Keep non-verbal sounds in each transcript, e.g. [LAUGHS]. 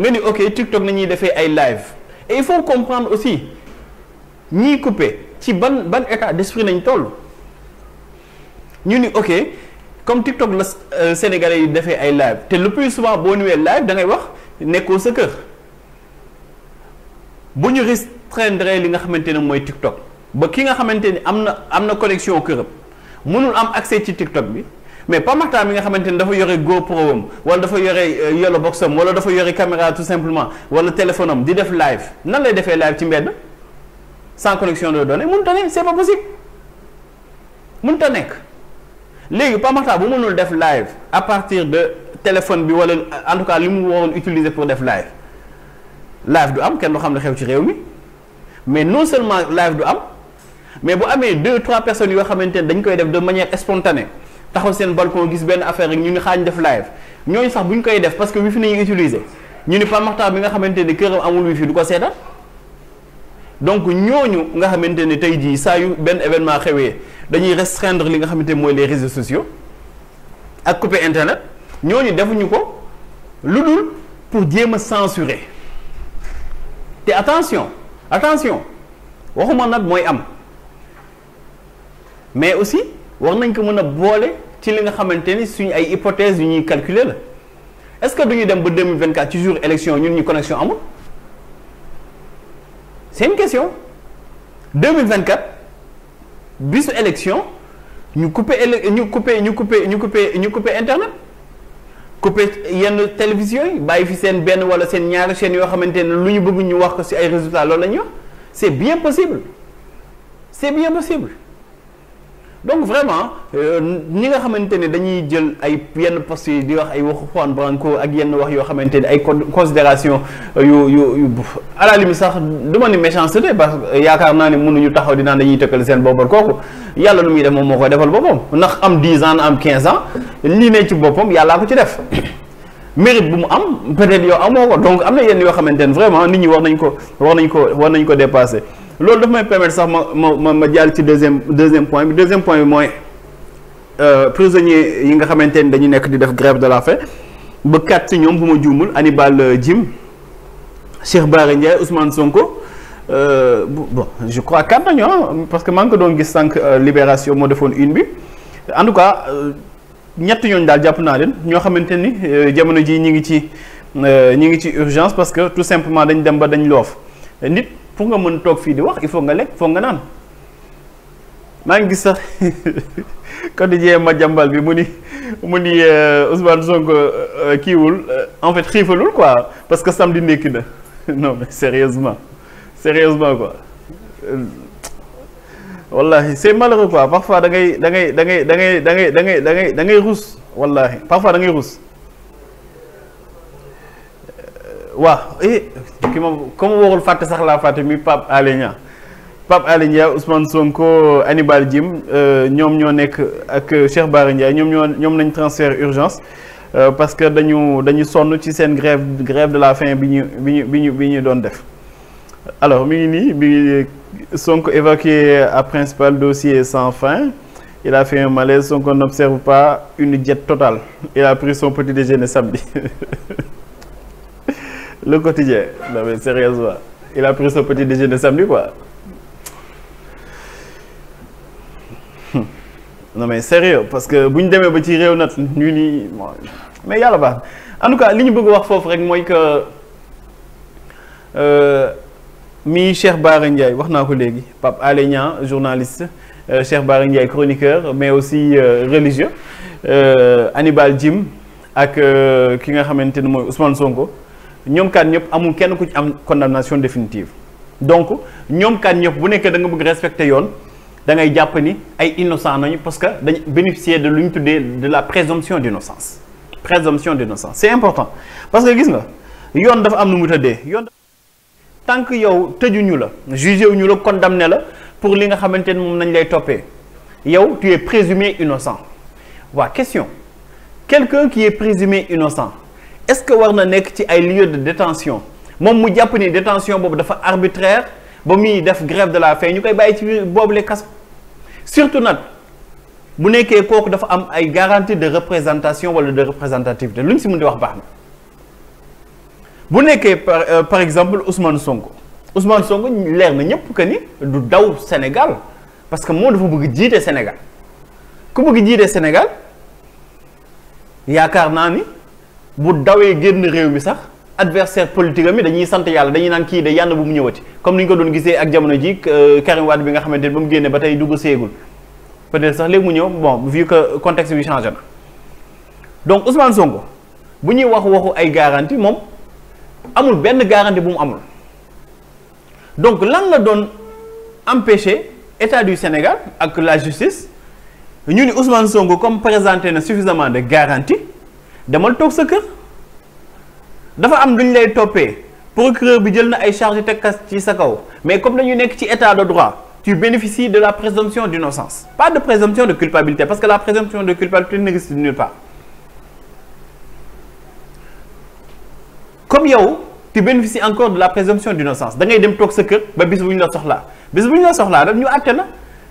nga ni ok TikTok nañuy defee ay live et il faut comprendre aussi ñii couper ci ban ban état d'esprit nañ toll ñu ni ok comme TikTok la euh, Sénégalais yi defee ay live te le plus souvent boo ñëwee live da ngay wax nekkoo sa kër bu ñu restreindre li nga xamante ne mooy TikTok ba ki nga xamante ni am na am na connexion këram mënul am accès ci TikTok bi. mais Pape Makhtar mi nga xamante ni dafa yore GoPro am wala dafa yore euh, yellow box am wala dafa yore caméra tout simplement wala téléphone am di def live nan lay defee live ci mbenn sans connexion de donne mënut a ne c'est pas possible mënut a nekk léegi Pape Makhtar bu mënul def live à partir de téléphone bi wala en tout cas li mu waroon utiliser pour def live live du am kenn du xam ne xew ci réew mi mais non seulement live du am mais bu amee deux trois personnes yoo xamante ne dañ koy def de manière spontanée taxaw seen balcon gis benn affaire rek ñu ni xaañ def live ñooñu sax bu ñu koy def parce que wifi nañu utiliser ñu ni Pape Makhtar bi nga xamante ni këram amul wifi du ko seetal donc ñooñu nga xamante ni tey jii saa yu benn événement xewee dañuy restreindre li nga xamante mooy les réseaux sociaux ak couper internet ñooñu defuñu ko lu dul pour jéem a censurer te attention attention waxuma nag mooy am mais aussi wax nañ ko mën a boole ci li nga xamante ni suñu ay hypothèses yu ñuy calculer la est-ce que duñu dem ba vingt 2024 ci jour élection ñun ñu connexion amul c'est une question 2024 bisu élection ñu couper éle ñu couper ñu couper ñu couper ñu couper internet couper yenn télévision yi bàyyi fi seen benn wala seen ñaari chaînes yoo xamante ne lu ñu bëgg ñu wax ko ci ay résultats loolu la ñuy wax c'est bien possible c'est bien possible donc vraiment euh, ñi nga xamante ni dañuy jël ay yenn postes yi di wax ay waxu Juan Branco ak yenn wax yoo xamante ne ay considération yu yu yu à la limite sax du ma ni méchanceté parce que yaakaar naa ne mënuñu taxaw dinaa naan dañuy tëkkal seen boppal kooku yàlla lu muy def moom moo ko defal boppam ndax am 10 ans am 15 ans lii ne ci boppam yàllaa ko ci def [COUGHS] mérite bu mu am peut-être yow amoo ko donc am na yenn yoo xamante ne vraiment nit ñi war nañ ko war nañ ko war nañ ko dépasser loolu daf may permettre sax ma ma ma ma jàll ci deuxième deuxième point bi deuxième point bi mooy euh, prisonniers yi nga xamante ni dañu nekk di def grève de la faim ba kat ci ñoom bu ma juumul Hannibal euh, Djim Cheikh Bara Ndiaye Ousmane Sonko euh, bon je crois kat nañu parce que maa ngi ko doon gis sànq Libération moo defoon une bi en tout cas ñett ñooñu daal jàpp naa leen ñoo xamante ni jamono jii ñu ngi ci ñu ngi ci urgence parce que tout simplement dañ dem ba dañ loof nit. pour nga mën toog fii di wax il faut nga lekk foog nga naan maa ngi gis sax quotidien [LAUGHS] ma jàmbal bi mu ni mu ni euh, Ousmane Sonko euh, kiiwul euh, en fait xiifalul quoi parce que samedi ndékki na [LAUGHS] non mais sérieusement sérieusement quoi wallahi c'est malheureux quoi parfois da ngay da ngay dangay ngay da ngay dangay dangay da ngay da ngay da ngay ruus wallahi parfois da ngay ruus waa eh ki ma comme waxul fàtte sax laa fàtte mi Pape Alé Niang Pape Alé Niang Ousmane Sonko Hannibal Djim euh, ñoom ñoo nekk ak Cheikh Bara Ndiaye ñoom ñoo ñoom nañ transfert urgence euh, parce que dañu dañu sonn ci seen grève grève de la faim bi ñu bi ñu bi ñu bi ñu doon def alors mi ngi nii mi ngi Sonko évacué à principal dossier sans fin il a fait un malaise Sonko n'observe pas une diète total il a pris son petit déjeuner samedi [LAUGHS] le quotidien non mais sérieusement il a pris son petit déjeuner samedi quoi hmm. non mais sérieux parce que bu ñu demee ba ci réew nat ñu ni mais yàlla baax en tout cas li ñu bëgg wax foofu rek mooy que euh, mi Cheikh Bara Ndiaye wax naa ko léegi Pape Alé Niang journaliste euh, Cheikh Bara Ndiaye chroniqueur mais aussi euh, religieux Hannibal Jim ak ki nga xamante ne mooy Ousmane Sonko. ñoom kat ñëpp amul kenn ku ci am condamnation définitive donc ñoom kat ñëpp bu nekkee da nga bëgg respecter yoon dangay jàpp ni ay innocent nañu parce que dañu bénéficier de lu ñu tuddee de la présomption d'innocence présomption d'innocence c'est important parce que gis nga yoon dafa am nu mu tëddee yoon tant que yow tëjuñu la wu ñu la condamné la pour li nga xamante ne moom nañ lay toppee yow tu es présumé innocent waa question quelqu'un qui est présumé innocent est-ce que war na nekk ci ay lieu de détention moom mu jàpp ni détention boobu dafa arbitraire ba muy def grève de la faim ñu koy bàyyi ci boobu les kas surtout nag bu nekkee kooku dafa am ay garantie de représentation wala de représentativité lu ñu si mun di wax baax na bu nekkee euh, par exemple Ousmane Sonko Ousmane Sonko leer na ñëpp que ni du daw Sénégal parce que moom dafa bëgg jiitee Sénégal ku bëgg jiite Sénégal yaakaar naa ni. bu dawee génn réew mi sax adversaire politique am dañuy sant yàlla dañuy naan kii de yàlla bu mu ñëwati comme ni ñu ko doon gisee ak jamono ji euh, Karim Wade bi nga xamante ne ba mu génne ba tey dugg seegul peut-être sax léegi mu ñëw bon vu que contexte bi changé na donc Ousmane Sonko bu ñuy wax waxu ay garantie moom amul benn garantie bu mu amul donc lan la doon empêcher état du Sénégal ak la justice ñu ni Ousmane Sonko comme présenté na suffisamment de garantie demal toog sa kër dafa am lu ñu lay toppee procureur bi jël na ay charges teg ci sa kaw mais comme dañu nekk ci état de droit tu bénéficies de la présomption d'innocence pas de présomption de culpabilité parce que la présomption de culpabilité n'existe nulle part comme yow tu bénéficies encore de la présomption d'innocence da ngay dem toog sa kër ba bis bu ñu la soxlaa bis bu ñu la soxlaa rek ñu àtte na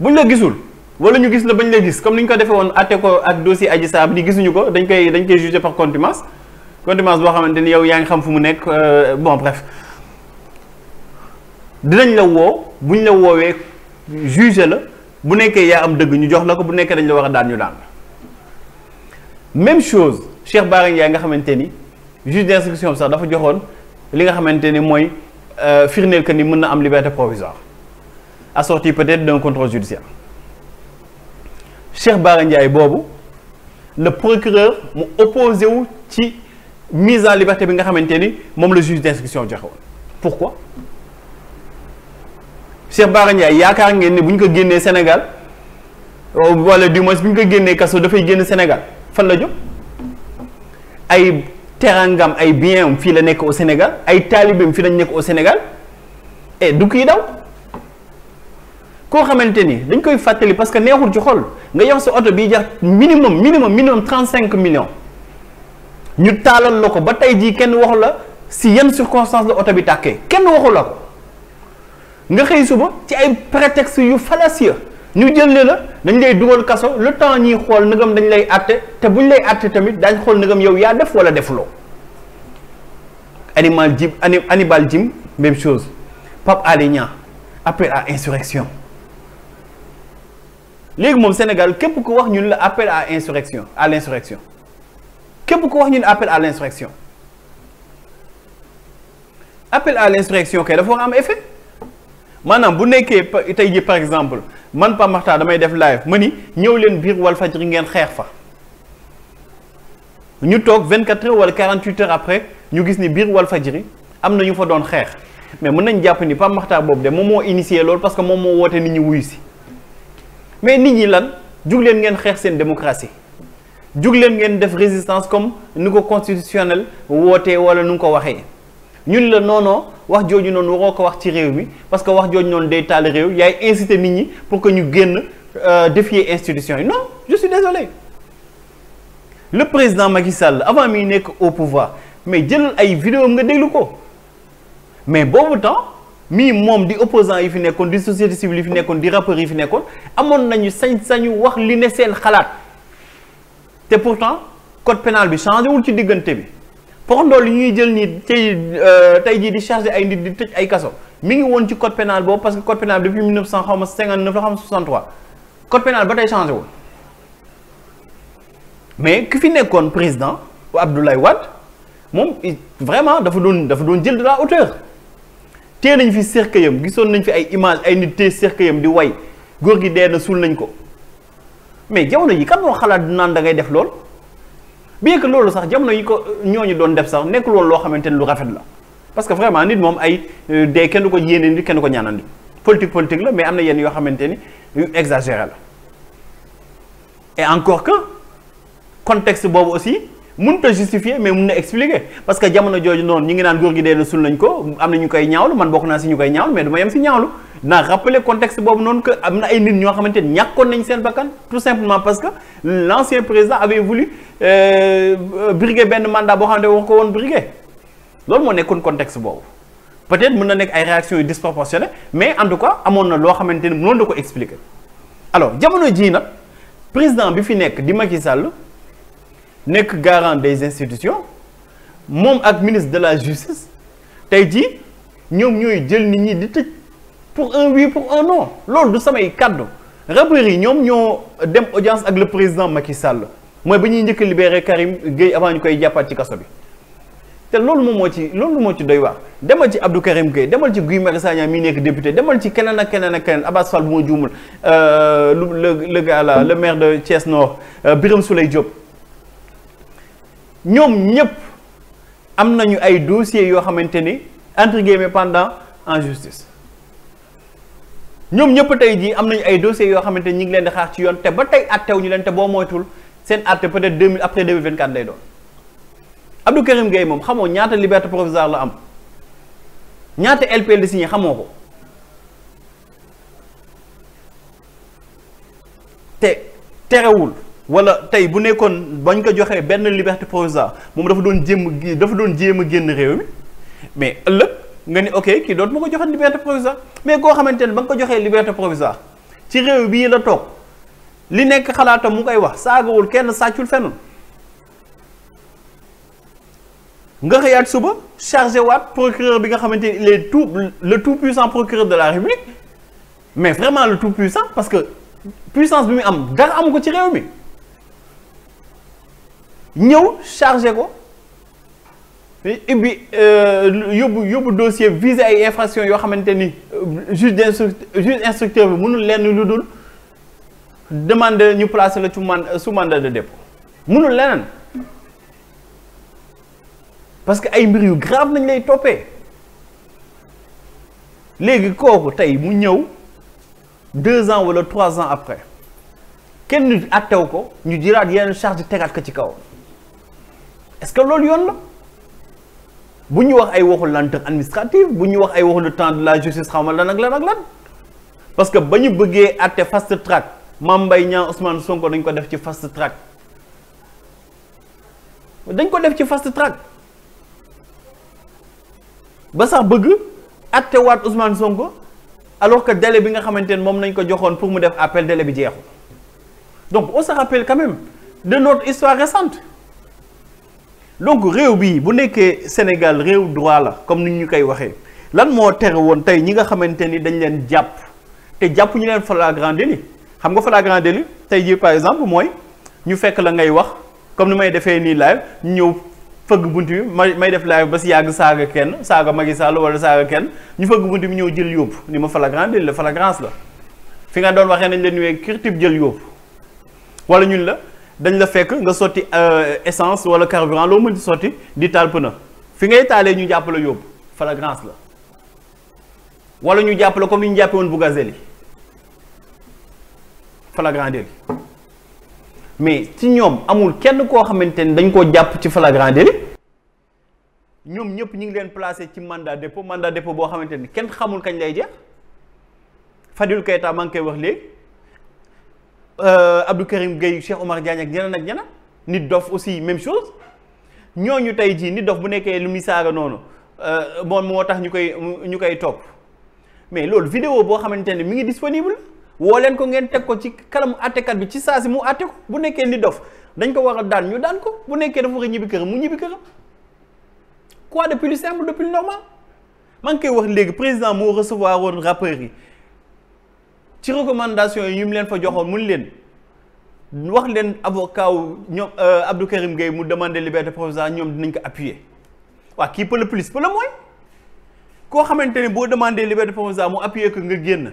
bu ñu la gisul wala ñu gis la bañ lay gis comme ni ñu ko defee woon atte ko ak dossier Adji Sarr bi gisuñu ko dañ koy dañ koy jugé par contumace contumace boo xamante ni yow yaa ngi xam fu mu nekk euh, bon bref dinañ la woo buñ la woowee jugé la bu nekkee yaa am dëgg ñu jox la ko bu nekkee dañ la war a daan ñu daan même chose Cheikh Bara Ndiaye nga xamante ni juge d'instruction bi sax dafa joxoon li nga xamante ni mooy euh, firndeel que ni mën na am liberté provisoire assorti peut-être d'un contrôle judiciaire Cheikh Bara Ndiaye boobu le procureur mu opposé wu ci mise en liberté bi nga xamante ni moom la juge d'instruction joxe woon pourquoi Cheikh Bara yaakaar ngeen ni bu ñu ko génnee Sénégal wala du moins bu ñu ko génnee kaso dafay génn Sénégal fan la jóg ay terangam ay bien fii la nekk au Sénégal ay taalibeem fii lañ nekk au Sénégal et du kii daw koo xamante ni dañ koy fàttali parce que neexul ci xol nga yor si oto bii jar minimum minimum minimum trente cinq millions ñu taalal la ko ba tey jii kenn waxu la si yan circonstance la oto bi tàkkee kenn waxu la ko nga xëy suba ci ay prétexte yu fallacieux ñu jël jëlee la dañ lay dugal kaso le temps ñuy xool ndegam dañ lay àtte te buñ lay àtte tamit daañ xool ndegam yow yaa def wala defuloo animal jim Hannibal Jim même chose Pape Alé Niang appel à insurrection léegi moom Sénégal képp ku wax ñun la appel à insurrection à l'insurrection képp ku wax ñun appel à l'insurrection appel à l'insurrection kay dafa war am effet maanaam bu nekkee tey ji par exemple man Pape Makhtar damay def live ma ni ñëw leen biir Walfadjri ngeen xeex fa ñu toog 24 heures wala 48 heures après ñu gis ni biir Walfadjri am na ñu fa doon xeex mais mën nañ jàpp ni Pape Makhtar boobu de moom moo initié loolu parce que moom moo woote nit si mais nit ñi lan jug ngeen xeex seen démocratie jug leen ngeen def résistance comme ni ko constitutionnel wootee wala nu nga ko waxee ñun la noonoo wax jooju noonu waroo ko wax ci réew mi parce que wax jooju noonu day taal réew yaay inciter nit ñi pour que ñu génn euh, défier institution yi non je suis désolé le président Macky avant mi nekk au pouvoir mais jëlal ay vidéo am nga déglu ko mais boobu temps mii moom di opposant yi fi nekkoon di société civile yi fi nekkoon di rappeurs yi fi nekkoon amoon nañu sañ-sañu wax li ne seen xalaat te pourtant code pénal bi changé ci diggante bi porondoo li ñuy jël nii tey euh, tey jii di chargé ay nit di tëj ay kaso mi ngi woon ci code pénal boobu parce que code pénal depuis 1900 xaw ma 59 la xaw ma 63 code pénal ba tey changé wul mais ki fi nekkoon président Abdoulaye Wade moom vraiment dafa doon dafa doon jël de la tee nañ fi cercueil am gisoon nañ fi ay image ay nit tee cercueil am di way góor gi dee na suul nañ ko mais jamono yi kan moo xalaat naan da ngay def lool bien que loolu sax jamono yi ko ñooñu doon def sax nekkul woon loo xamante ni lu rafet la parce que vraiment nit moom ay euh, dee kenn ko yéene di kenn du ko ñaanal nit politique politique la mais am na yenn yoo xamante ni yu exagéré la et encore que contexte boobu aussi mënut a justifier mais mun na expliquer parce que jamono jooju noonu ñi ngi naan góor gi dee na sul nañ ko am na ñu koy ñaawlu man bokk naa si ñu koy ñaawlu mais dama yem si ñaawlu naa rappeler contexte boobu noonu ko am na ay nit ñoo xamante ni ñàkkoon nañ seen bakkan tout simplement parce que l' ancien président avait voulu euh, briguer benn mandat boo xam ne war ko woon briguer loolu moo nekkoon contexte boobu peut-être mun na nekk ay réactions yu disproportionnées mais en tout amoon na loo xamante ni mënoon na ko expliquer alors jamono jii nag président bi fi nekk di Macky Sall. nekk garant des institutions moom ak ministre de la justice tey jii ñoom ñooy jël nit ñi di tëj pour un oui pour un non lool du samay kàddu rappeurs yi ñoom ñoo dem audience ak le président Macky sàll mooy ba ñuy njëkk libéré Karim Gueye avant ñu koy jàppaat ci kaso bi te loolu moom moo ci loolu moo ci doy waar demal ci Abdou Karim Gueye demal ci Guy Marius Sagna mi nekk député demal ci keneen ak keneen ak keneen Abass Fall bu ma juumul euh, le le gars le maire de Thiès Nord euh, Birame Souleye Diop. ñoom ñëpp am nañu ay dossiers yoo xamante ni entre guillemets pendant en justice ñoom ñëpp tey jii am nañu ay dossiers yoo xamante ni ñu ngi leen di xaar ci yoon te ba tey àtteew ñu leen te boo moytul seen àtte peut-être deux mille après deux mille vingt quatre lay doon Abdou Karim Gueye moom xamoo ñaata liberté provisoire la am ñaata LPL di signé xamoo ko te terewul. wala tey bu nekkoon bañ ko joxee benn liberté provisoire moom dafa doon jéem gi dafa doon jéem a génn réew mi mais ëllëg nga ni ok kii doot mu ko joxee liberté provisoire mais koo xamante ne ba nga ko joxee liberté provisoire ci réew bi bii la toog li nekk xalaatam mu koy wax saagawul kenn sàccul fenul nga xëyaat suba chargé waat procureur bi nga xamante ni il tout le tout puissant procureur de la République mais vraiment le tout puissant parce que puissance bi mu am dara am ko ci réew mi ñëw chargé ko ibbi euh, yóbbu yóbbu dossier visé ay infraction yoo xamante ni euh, juge d'instru juge instructeur bi mënul lenn lu dul demande ñu placer la ci man euh, sous mandat de dépôt mënul leneen parce que ay mbir yu grave nañ lay toppee léegi kooku tey mu ñëw deux ans wala trois ans après kenn nit àttew ko ñu jiraat yenn charge tegaat ko ci kaw est-ce que loolu yoon la bu ñu wax ay waxu lenteur administrative bu ñu wax ay waxu le temps de la justice xaw ma lan ak lan ak lan parce que ba ñu bëggee àtte fast track Mame Mbaye Niang Ousmane Sonko dañ ko def ci fast track dañ ko def ci fast track ba sax bëgg àtte waat Ousmane Sonko alors que délai bi nga xamante ne moom nañ ko joxoon pour mu def appel délai bi jeexu donc on se rappelle quand même de notre histoire récente donc réew bii bu nekkee Sénégal réew droit la comme ni ñu koy waxee lan moo tere woon tey ñi nga xamante ni dañ leen jàpp te jàpp ñu leen flagrant délit xam nga flagrant délit tey jii par exemple mooy ñu fekk la ngay wax comme ni may defee nii live ñu ñëw fëgg bunt bi may may def live ba si yàgg saaga kenn saaga Macky Sall wala saaga kenn ñu fëgg bunt bi ñëw jël yóbbu ni ma flagrant délit la flagrance la fi nga doon waxee nañ leen ñëwee kirtib jël yóbbu wala ñun dañ la fekk nga sotti euh, essence wala carburant loo mën di sotti di taal na fi ngay taalee ñu jàppale yóbbu flagrance la wala ñu jàppale comme ni ñu jàppee woon Bougazelli flagrant délit mais ci ñoom amul kenn koo xamante ni dañ koo jàpp ci flagrant ñoom ñëpp ñu ngi leen placé ci mandat dépôt mandat dépôt boo xamante ni kenn xamul kañ lay jeex Fadil Keita maa ngi koy wax léegi. Euh, Abdou Karim Gueye Cheikh Omar Diagne ak ñeneen ak ñeneen nit dof aussi même chose ñu tey jii nit dof bu nekkee lu muy saaga noonu euh, moom moo tax ñu koy ñu koy topp mais loolu vidéo boo xamante ne mi ngi disponible woo leen ko ngeen teg ko ci kanamu àttekat bi ci saa si mu àtte ko bu nekkee nit dof dañ ko war a daan ñu daan ko bu nekkee dafa war a ñibbi kër mu ñibbi këram quoi de plus simple de plus normal maa ngi koy wax léegi président moo recevoir woon rappeurs yi ci recommandation yi mu leen fa joxoon mun leen wax leen avocat wu ñoom euh, Abdou Karim Gueye mu demandé liberté provisoire ñoom dinañ ko appuyer waa kii peut le plus peut le moins koo xamante ne boo demandé liberté provisoire mu appuyer ko nga génn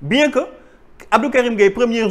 bien que Abdou Karim Gueye premier